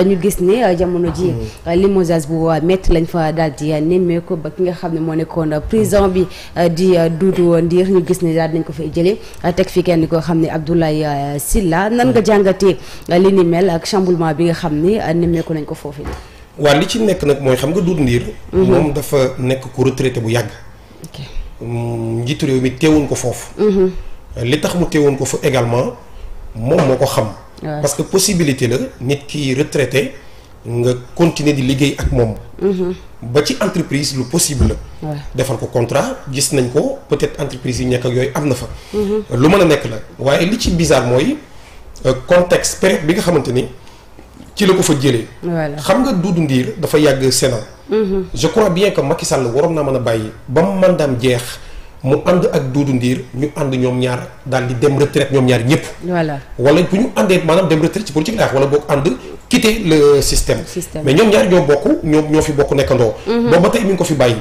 ñu gis ne euh, jamono ji mm. euh, limogeage bu euh, métti lañ fa daal di nemmeeku ba ki nga xam ne moo nekkoon prison bi di Doudou Ndir ñu gis ne daal nañ ko fay jëlee teg fi kenn koo xam ne Abdoulaye Sylla nan nga mm. jàngatee li ni ak chamboulement bi nga xam ni nemmeeku nañ ko foofu waaw li ci nekk nag mooy xam nga Doudou Ndir mm-hmm. moom dafa nekk ku retraité bu yàgg mm, njiitu réew mi teewoon ko foofu mm-hmm. li tax mu teewoon ko fa également moom moo ko xam parce que possibilité la nit ki retraité nga continuer di liggéey ak moom. Mhm. ba ci entreprise lu possible la. defal ko contrat gis nañ ko peut-être entreprise yu nekk ak yooyu am na fa. Mhm. lu mën a nekk la waaye li ci bizarre mooy euh, contexte période bi nga xamante ni ci la ko fa jëlee. xam nga Doudou Ndir dafa yàgg Sénat. Mhm. je crois bien que Macky Sall waroon naa mën a bàyyi ba mu mandaam jeex. mu ànd ak Doudou Ndir ñu ànd ñoom ñaar daal di dem retraite ñoom ñaar ñëpp. voilà wala bu ñu àndee maanaam dem retraite ci politique laax wala boog ànd quitter le système. mais ñoom ñaar ñoo bokk ñoom ñoo fi bokk nekkandoo. Mhm. boobu ba tey mi ngi ko fi bàyyi.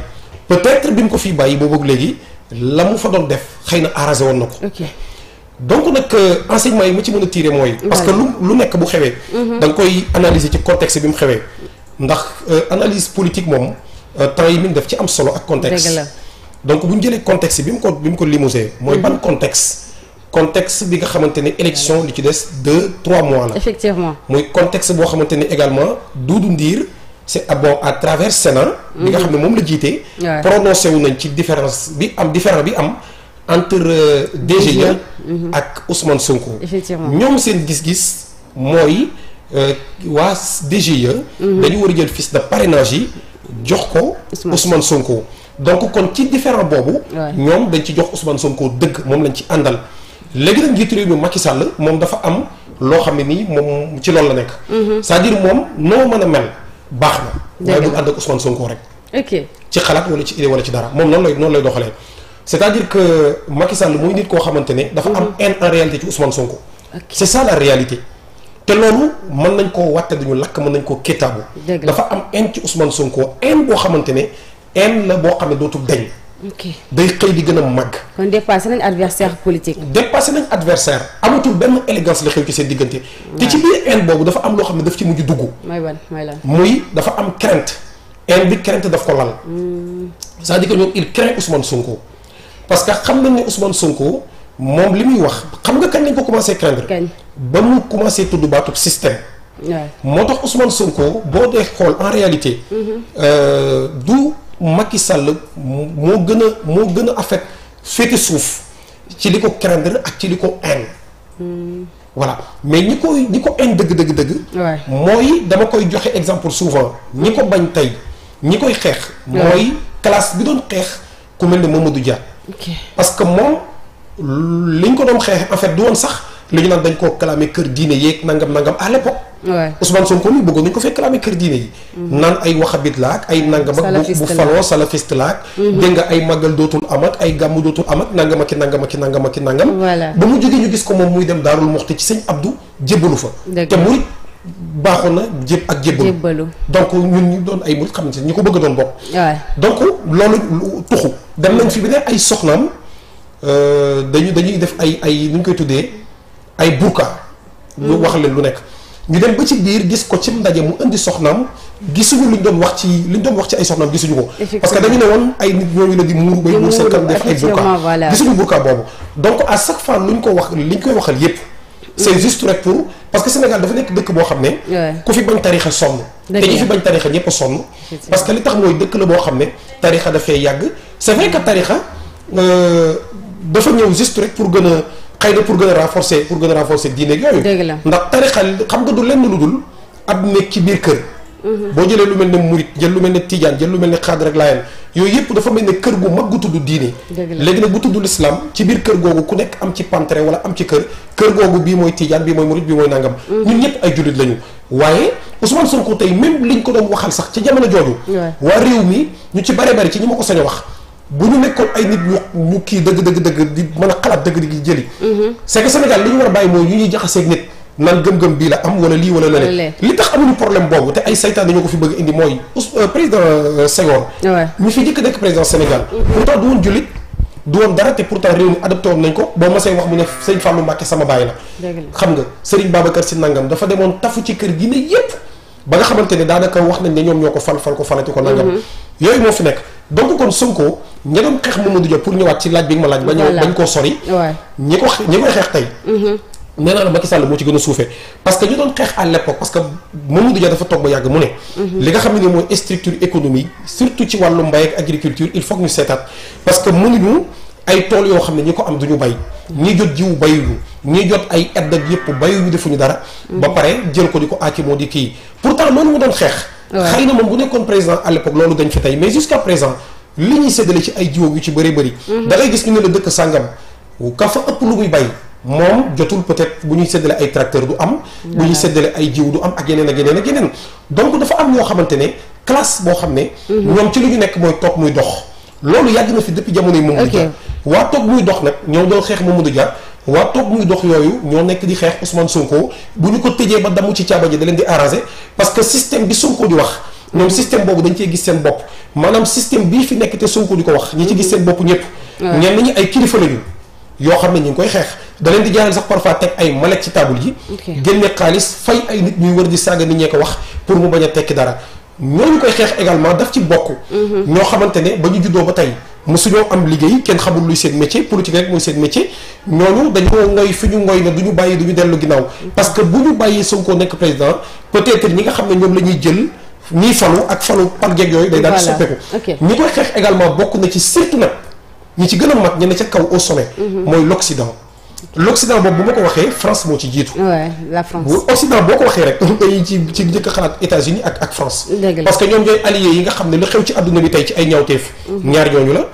peut-être bi mu ko fi bàyyi boobu léegi la mu fa doon def xëy na arrangé woon na ko. donc nag euh, enseignement yi mu ci mën a tiire mooy. parce que lu nekk bu xewee. Mhm. danga koy analyser ci contexte bi mu xewee. ndax euh, analyse politique moom euh, temps yi mi ngi def ci am solo ak contexte. donc bu ñu jëlee contexte bi mu ko bi mu ko limogé mooy mhm. ban contexte contexte bi nga xamante ne élection li ci des deux trois mois la effectivement mooy contexte boo xamante ne également Doudou Ndir c'est bon à travers Sénat bi nga mhm. xam ne moom la jiitee prononcé yu nañ ci différence bi am différence bi am entre euh, DG mhm. ak Ousmane Sonko effectivement ñoom seen gis-gis mooy euh, waa DGE dañu war a jël fils de parrainage yi jox ko Ousmane Sonko donc kon ci différent boobu. ñoom dañ ci jox Ousmane Sonko dëgg moom lañ ci àndal. léegi nag njiitu réew mi Macky Sall moom dafa am loo xam ne nii ci loolu la nekk. Mhm. cest à moom noo mën a mel baax na. waaye du ànd ak Ousmane Sonko rek. ci xalaat wala ci idée wala ci dara moom noonu lay noonu lay doxalee. c'est-à-dire que Macky Sall muy nit koo xamante ne. dafa am mhm. haine en réalité ci Ousmane Sonko. mën nañ koo watte duñu lakk mën nañ koo kettaabu. dafa am haine ci Sonko haine boo xamante ne. haine na boo xam ne dootul dañ. ok day xëy di gën a màgg. kon dépassé nañ adversaire politique. dépassé nañ adversaire amatul benn élégance la xew ci seen diggante. te ci biir haine boobu dafa am loo xam ne daf ci mujj dugg. mooy ban mooy lan muy dafa am crainte. haine bi crainte daf ko lal. Hmm. c'est-à-dire que ñoom il craint Ousmane Sonko. parce que xam nañ ne Ousmane Sonko moom li muy wax xam nga kañ lañ ko commencé craindre. kañ ba mu commencé tudd baatub système. moo tax Ousmane Sonko boo dee xool en réalité. Mm-hmm. Euh, du. Macky Sall moo gën a moo gën a affect féete suuf ci li ko craindre ak ci li ko haine. Hmm. voilà mais ñi koy ñi ko haine dëgg dëgg dëgg. mooy dama koy joxe exemple souvent ñi ko bañ tey ñi koy xeex. mooy classe bi doon xeex ku mel ne Mamadou Dia. parce que moom liñ ko doon xeex en fait du woon sax li ñu naan dañ koo clamé kër diine yeeg nangam nangam à l'époque Ousmane Sonko mi bëggoon nañu ko fekk amee kër diine yi. Mhm. naan ay waxabit laak ay nangam ak bu faloo salafiste laa mhm. dégg nga ay màggal dootul am ak ay gàmmu dootul am ak nangam ak i nangam ak i nangam ak i nangam. ba mu jógee ñu gis ko moom muy dem Daarul Muxti ci sëñ Abdou jébbalu fa. te murit na jéb ak jébbalu. donc ñun ñu doon ay murit xam ne ñu ko bëgg doon bokk. donc loolu tuxu dem nañ fi bi ne ay soxnaam euh, dañuy def ay ay nu ñu koy tuddee ay burka. lu mhm. wax leen lu nekk. ñu dem ba ci biir gis ko ci ndaje mu indi soxnaam gisuñu luñ doon wax ci liñ doon wax ci ay soxnaam gisuñu ko parce que dañu ne woon ay nit ñooñu la di muuru bay muur seen kanam def ay burka gisuñu burka boobu donc à chaque fois luñ ko wax liñ koy waxal yépp c'est juste rek pour parce que Sénégal dafa nekk dëkk boo xam ne ku fi bañ tarixa sonn te ñu fi bañ tarixa ñëpp a sonn parce que li tax mooy dëkk la boo xam ne tarixa dafay yàgg c'est vrai que tarixa euh, dafa ñëw juste rek pour gën a xay na pour gën a renforcer pour gën a renforcer diine ak yooyu. dëgg la ndax tarixa xam nga du lenn lu dul ab nekk ci biir kër. Mhm. boo jëlee lu mel ne murit jël lu mel ne tijaan jël lu mel ne xaadir ak laayeen yooyu yëpp dafa mel ne kër gu mag gu tudd diini léegi nag bu tudd l'islam ci biir kër googu ku nekk am ci pantere wala am ci kër kër googu bii mooy tijaan bii mooy murit bii mooy nangam mhm. ñun ñëpp ay jullit lañu waaye Ousmane Sonko tey même liñ ko doon sax ci jamono jooju waa réew mi ñu ci bare bari ci ma ko sañ a wax bu ñu nekkoon ay nit ñu ñu kii dëgg dëgg dëgg di mën a xalaat dëgg di jëli. Mhm. c'est que Sénégal li ñu war a bàyyi mooy ñu ñuy jaxaseeg nit naan gëm-gëm bii la am wala lii wala leneen. li tax amuñu problème boobu te ay saytaan dañoo ko fi bëgg indi mooy euh, président euh, Senghor. ñu fi njëkk nekk président Sénégal. Mhm. pourtant du woon jullit du woon dara te pourtant réew mi adopté woon nañ ko boo mosee wax mu ne sëñ Fallou Mbacke sama baay la. xam nga Serigne Babacar Sy nangam dafa demoon tafu ci kër gi ne yépp ba nga xamante ne daanaka wax nañ ne ñoom ñoo ko fal fal ko falati ko nangam mhm. yooyu moo fi nekk donc kon Sonko ña doon xeex Mamadou Dia pour ñëwaat ci laaj bi nga ma laaj. ba ñëw bañ koo sori. ñi ko xeex tey. Mhm. nee naa la Macky Sall moo ci gën a suufee parce que ñu doon xeex à l'époque parce que Mamadou Dia dafa toog ne. Mhm. li nga xam ne mooy structure économique surtout ci wàllu mbay ak agriculture il faut que ñu seetaat parce que mënuñu ay tool yoo xam ne ñi ko am duñu bay. ñi jot jiwu bayuñu ñi jot ay aide ak yëpp bayuñu defuñu dara. ba mhm. pare jël ko di ko àcc moo di kii pourtant loolu mu doon xeex. xëy na moom bu nekkoon président à l'époque loolu dañ fi tey mais jusqu'à présent li ñuy séddale ci ay jiw yu ci bëri bëri mhm. da ngay gis ñu ne la dëkk sàngam ka fa ëpp lu muy bay moom jotul peut-être bu ñuy séddale ay tracteur du am bu ñuy séddale ay jiw du am ak yeneen ak yeneen ak yeneen donc dafa am ñoo xamante ne classe boo xam ne mhm. ñoom ci li ñu nekk mooy toog muy dox loolu yàgg na fi depuis jamono yi Mamadou Dia waa toog muy dox nag ñoo doon xeex Mamadou Dia waa toog muy dox yooyu ñoo nekk di xeex Ousmane Sonko bu ñu ko tëjee ba damu ci caaba ji da leen di arrangé parce que système bi Sonko di wax ñoom système boobu dañu cee gis seen bopp maanaam système bii fi nekk te Sonko di ko wax ñi ci gis seen bopp ñëpp ñenn ñi ay kilifa lañu yoo xam ne ñu ngi koy xeex daleen di jaaral sax parfois teg ay malet ci taabul yi génne xaalis fay ay nit ñuy wër di saaga nit ñee ko wax pour mu bañ a tekki dara ñooñu koy xeex également daf ci bokk mm-hmm. ñoo xamante ne ba ñu juddoo ba tey mosuñoo am liggéey kenn xamul luy seen métier politique rek mooy seen métier ñooñu dañoo ngoy fi ñu ngoy ne duñu bàyyi du ñu dellu ginnaaw parce que bu ñu bàyyi Sonko nekk président peut-être ñi nga xam ne ñoom la ñuy jël nii falu ak falu par jeeg yooyu day daal di soppeeku ñi xeex également bokk na ci surtout nag ñi ci gën a mag ñi ne ca kaw au sommet mm-hmm. mooy l'Occident l'Occident boobu bu ma ko waxee France moo ci jiitu. bu Occident boo ko waxee rek. dañuy ci jëkk njëkk xalaat États-Unis ak ak France. parce que ñoom ñooy allié yi nga xam ne lu xew ci àdduna bi tey ci ay ñaawteef. Mhm. ñaar ñooñu la.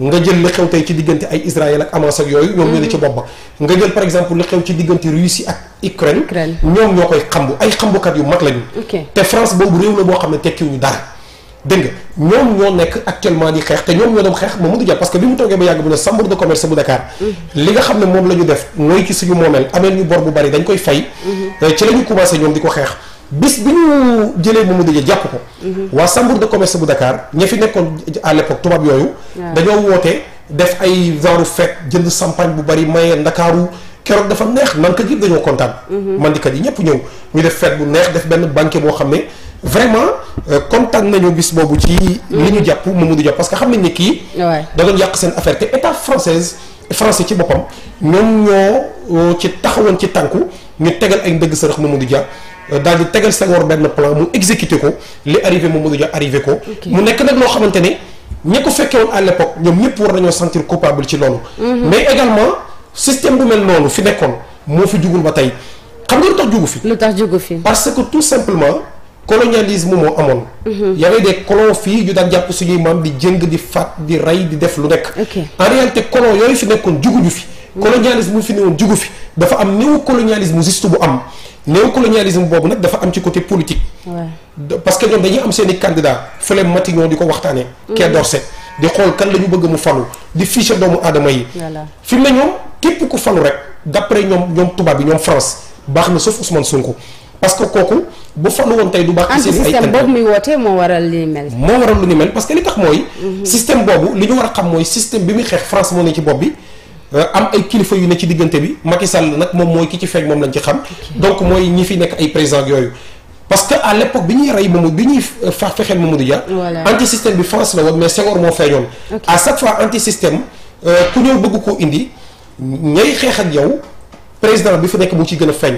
nga jël li xew tey ci diggante ay Israël ak Hamas ak yooyu. ñoom ñoo ne ci mhm. nga jël par exemple li xew ci diggante Russie ak Ukraine. ñoom ñoo koy xambu ay xambukat yu mag lañu. te France boobu réew la boo xam ne tekkiwuñu dara. dégg nga ñoom ñoo nekk actuellement di xeex te ñoom ñoo doon xeex Mamadou Dia parce que bi mu toogee ba yàgg bu ne chambre de commerce bu Dakar mm-hmm. li nga xam ne moom la ñu def mooy ci suñu moomeel ameel ñu bor bu bari dañ koy fay mm-hmm. eh, ci la ñu ñoom di ko xeex bis bi ñu jëlee Mamadou Dia jàpp ko mm-hmm. waa chambre de commerce bu Dakar ña fi nekkoon à l'époque tubaab yooyu dañoo woote def ay genre fête jënd champagne bu bari maye Ndakaaru keroog dafa neex nankat yëpp dañoo kontaan mandikat yi ñëpp ñëw ñu def fête bu neex def benn banquet boo xam ne vraiment euh, kontaan nañu bis boobu ci mm. li ñu jàpp Mamadou Dia parce que xam nañ ne kii da doon seen affaire te état française ci boppam ñoom ñoo euh, ci taxawoon ci tànku ñu tegal ay ndëgg sërëx Mamadou Dia euh, daal di tegal Senghor benn plan mu exécuté ko li arrivé Mamadou Dia arrivé ko mu nekk nag loo xamante ne ñi ko fekke ñoom ñëpp war nañoo sentir coupable ci loolu mm-hmm. mais également système bu mel fi nekkoon moo fi jugul ba tey xam nga lu tax jugu fi lu tax jugu fi parce que tout simplement colonialisme moo amoon. Mhm. y avait des colons fii yu daan jàpp suñuy maam di jëng di faat di rey di def lu nekk. en réalité colons yooyu fi nekkoon juguñu fi. Mhm. colonialisme bu fi newoon jugu fi dafa am néocolonialisme juste bu am néocolonialisme boobu nag dafa am ci côté politique. parce que ñoom dañuy am seen i candidats fële Matignon di ko waxtaanee. Quai mhm. d'Orsay di xool kan la ñu bëgg mu falu di fiche doomu aadama yi. fi mu ne képp ko falu rek d' ñoom ñoom tubaab bi ñoom France baax na sauf Ousmane Sonko. parce que kooku bu falu woon tey du baax. ci seen ay système boobu muy wootee moo waral li lu ni mel parce que li tax mooy. Mhm. système boobu li ñu war a xam mooy système bi muy xeex France moo ne ci bi. Euh, am ay yu ne ci diggante bi Macky Sall nag moom mooy ki ci feeñ moom lañ ci xam. donc mooy ñi fi nekk ay président yooyu. parce que à l'époque bi ñuy rey Mamadou bi ñuy euh, fa fexeel Mamadou Dia. anti système bi France la woon mais Senghor moo feeñoon. à chaque fois anti système euh, ku ñëw bëgg koo indi ñay xeex ak yow. président bi fa nekk mu ci gën a feeñ.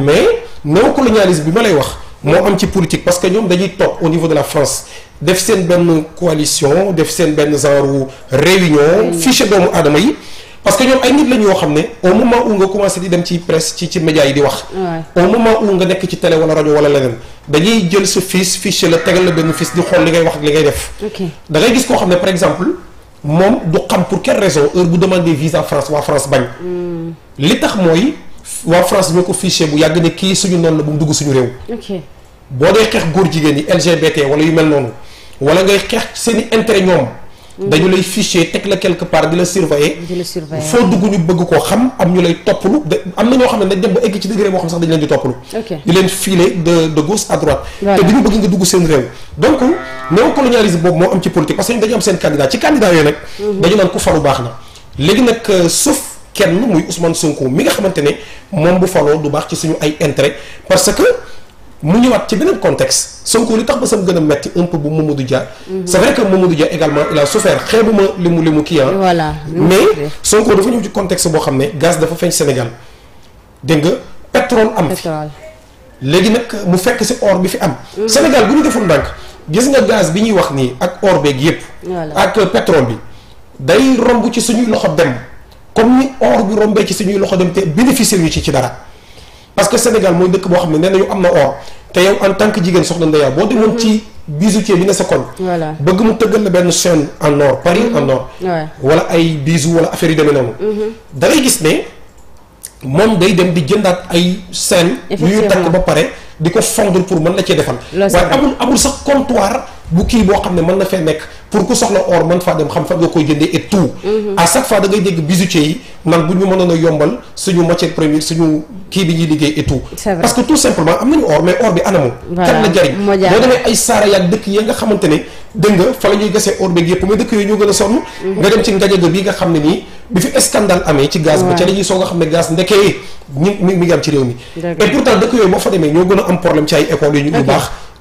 mais néocolonialisme bi ma lay wax. moo am ci politique parce que ñoom dañuy topp au niveau de la France def seen benn coalition def seen benn genre réunion. fiche doomu aadama yi. parce que ñoom ay nit lañ yoo xam ne au moment où nga commencé di dem ci presse ci ci média yi di wax. au moment où nga nekk ci télé wala rajo wala leneen dañuy jël sa fice fiche la tegal la benn fiche di xool li ngay wax ak li ngay def. da ngay gis koo xam ne par exemple. moom du xam pour quelle raison heure bu demandé visa France waa France bañ. Hmm. li tax mooy waa France ñoo ko fichier bu yàgg ne kii suñu noonu la bu mu dugg suñu réew. ok boo dee xeex góor jigéen yi LGBT wala yu mel noonu wala ngay xeex seen i intérêt ñoom. Mm. dañu lay fiché teg la quelque part di la surveiller foo dugg ñu bëgg koo xam am ñu lay toppalu da am na ñoo xam ne dañ dem ba egg ci degré boo xam sax dañu leen di toppalu di leen filer de de à droite te duñu bëgg nga dugg seen réew donc néocolonialisme boobu moo am ci politique parce que dañu am seen candidat ci candidat yooyu nag mhm. dañu naan ku faru baax na léegi nag euh, sauf kenn muy Ousmane Sonko mi nga xamante ne moom bu faloo du baax ci suñu ay intérêt parce que mu ñëwaat ci beneen contexte Sonko li tax ba sam gën a metti un peu bu Mamadou du mhm. c'est sa que Mamadou Dia également il a souffert xeebuma li mu li mu kii voilà mais Sonko dafa ñëw ci contexte boo xam ne gaz dafa feeñ Sénégal dégg nga pétrole am fi léegi nag mu fekk si or bi fi am. Mhm. Sénégal bu ñu defoon ndànk gis nga gaz bi ñuy wax nii ak or beeg yëpp. ak pétrole bi day romb ci suñuy loxo dem comme ni or bi rombee ci suñuy loxo dem te bénéficier yu ci ci dara. parce que Sénégal mooy dëkk boo xam ne nee nañu am na or te yow en tant que jigéen soxna Ndeya boo demoon mhm. ci bijoutier bi ne sa koñ. bëgg mu tëggal la benn chaîne en or Paris mhm. en or. wala ay bijoux wala affaire yu demee noonu. Mhm. da gis ne moom day dem di jëndaat ay chaîne. yu ñu takk ba pare di ko fondre pour mën la cee defal. waaye amul amul sax comptoir bu kii boo xam ne mën na fee nekk. pour ku soxla or mën faa dem xam fan nga koy jëndee et mhm. chaque fois da ngay dégg yi nan bu ñu mënoon a yombal suñu matière première suñu kii bi ñuy liggéey et tout. parce que tout simplement am nañu or mais or bi anamu. moo demee ay saara yaag dëkk yi nga xamante ne dégg nga fa la ñuy gasee or beeg yëpp mais dëkk yooyu ñoo gën a sonn. Mhm. nga dem ci ngajaga bi nga xam ne nii bi fi scandale amee. ci gaz bi ca la ñuy soog a xam ne gaz ndekee ñi mi ngi am ci réew mi. et pourtant dëkk yooyu boo fa demee ñoo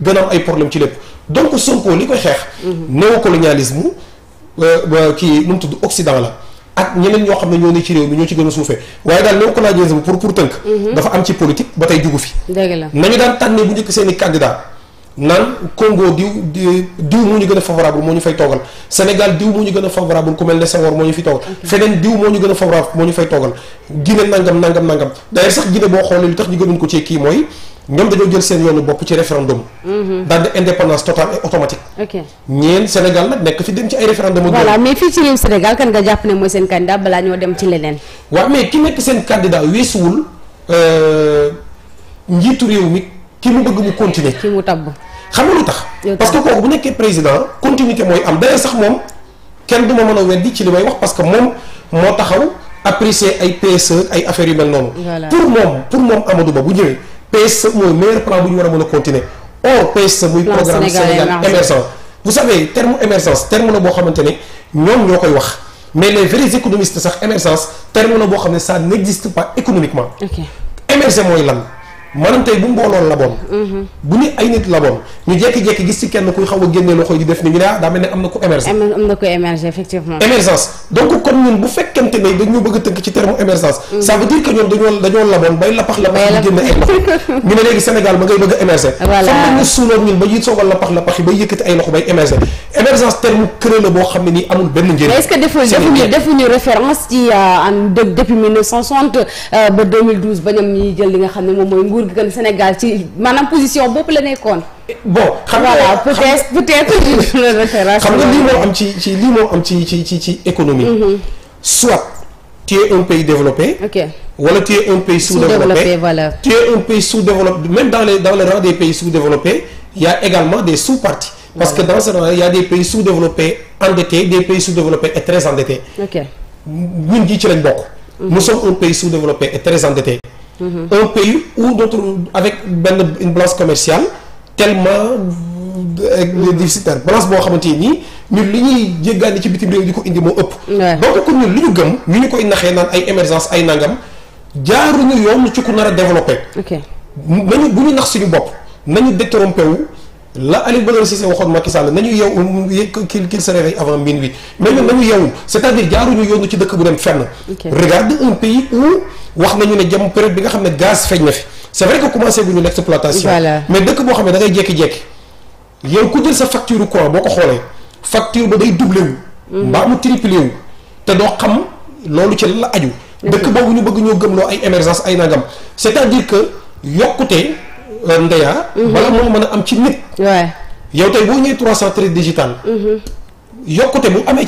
gën donc Sonko li koy xeex. néocolonialisme euh, euh, kii lu mu tudd Occident la. ak ñeneen ñoo xam ne ñoo ne ci réew mi ñoo ci gën a suufee waaye daal néocolonialisme pour pour tënk. Mhm. dafa am ci politique ba tey jugu fi. dëgg la nañu tànnee bu njëkk seen i candidat naan Congo diw diw moo ñu gën a favorable moo ñu fay toogal Sénégal diw moo ñu gën a favorable ku mel ne Senghor moo ñu fi toogal. feneen diw moo ñu gën a favorable moo ñu fay toogal. Guinée nangam nangam nangam d'ailleurs sax Guinée boo xoolee li tax ñu gënuñ ko ci kii mooy ñoom dañoo jël seen yoonu bopp ci référendum. Mhm. daal di indépendance totale et automatique. ok Sénégal nag nekk fi dem ci ay référendum. ak voilà mais fii ci nga jàpp ne mooy seen candidat balaa dem ci leneen. waaw mais ki nekk seen candidat weesuwul euh, njiitu réew mi ki mu bëgg mu continuer. ki mu tabb xam nga lu tax. parce que kooku bu nekkee président continuité mooy am d'ailleurs sax moom kenn du ma mën a weddi ci li may wax parce que moom moo taxaw apprécier ay PSE ay affaires yu mel noonu. pour moom pour moom Amadou Ba bu ñëwee. PSE mooy meilleur plan bu ñu war a mën a continuer or PSE muy programme Sénégal émergent vous savez terme émergence terme la boo xamante ne ñoom ñoo koy wax mais les vrais économistes sax émergence terme la boo xam ne ça n'existe pas économiquement émerger mooy lan maanaam bu mbooloon laboon mhm. bu ni ay nit laboon ñu jekki-jekki gis ci kenn kuy xaw a loxo yi di def ni ñu ne ah ne am na ko émergence am na ko émergence effectivement donc kon bu fekkente ne mhm. dañoo ñun ba ñuy soog a lapax yi bay yëkkati ay loxo bay émerger émergence terme creux boo xam ne amul benn njëriñ mais est-ce que defuñu defuñu référence ci euh, en depuis 1960 euh, ba ba ñoom ñi jël li nga xam ne moom mooy nguur que le Sénégal ci maanaam position bopp la nekkoon. bon xam nga voilà peut xam nga lii am ci ci lii moo am ci ci ci économie. Mm-hmm. soit tu es un pays développé. ok wala tu es un pays sous-développé voilà. tu es un pays sous-développé même dans les dans des pays sous-développés il y a également des sous-parties. parce que dans ce rang il y a des pays sous-développés endettés des pays sous-développés et très endettés. ok ñun ci lañ bokk. Mm-hmm. nous sommes un pays sous-développé et très endetté. un pays ou d'autres avec benn une balance commerciale tellement euh, déficitaire balance boo xamante nii ñun li ñuy jéggaani ci bitim réew di ko indi moo ëpp donc kon ñun li ñu gëm ñu ñu koy naxee naan ay émergence ay nangam jaaruñu yoon ci ku nar a développé nañu bu ñu nax suñu bopp nañu détrompé wu la Aliou Badara Cissé waxoon Macky Sall nañu yeewu qu'il qu'il se réveille avant minuit mais ñun nañu yeewu c'est-à-dire jaaruñu yoonu ci dëkk bu dem fenn regarde wax nañu ne jam période bi nga xam ne gaz feeñ na fi c'est vrai que commencé guñu l'exploitation mais dëkk boo xam ne da ngay jékki-jékki yow ku jël sa facture courant boo ko xoolee facture ba day duble wu mm. mbaa mu triplé te doo xam loolu ci lan la aju mm. dëkk boobu ñu bëgg ñoo loo ay émergence ay nangam c'est-à-dire que yokkute euh, ndeya mm-hmm. bala moo mën a am ci nit yow tey boo ñëwee 313 digital mm-hmm. yokkute bu amee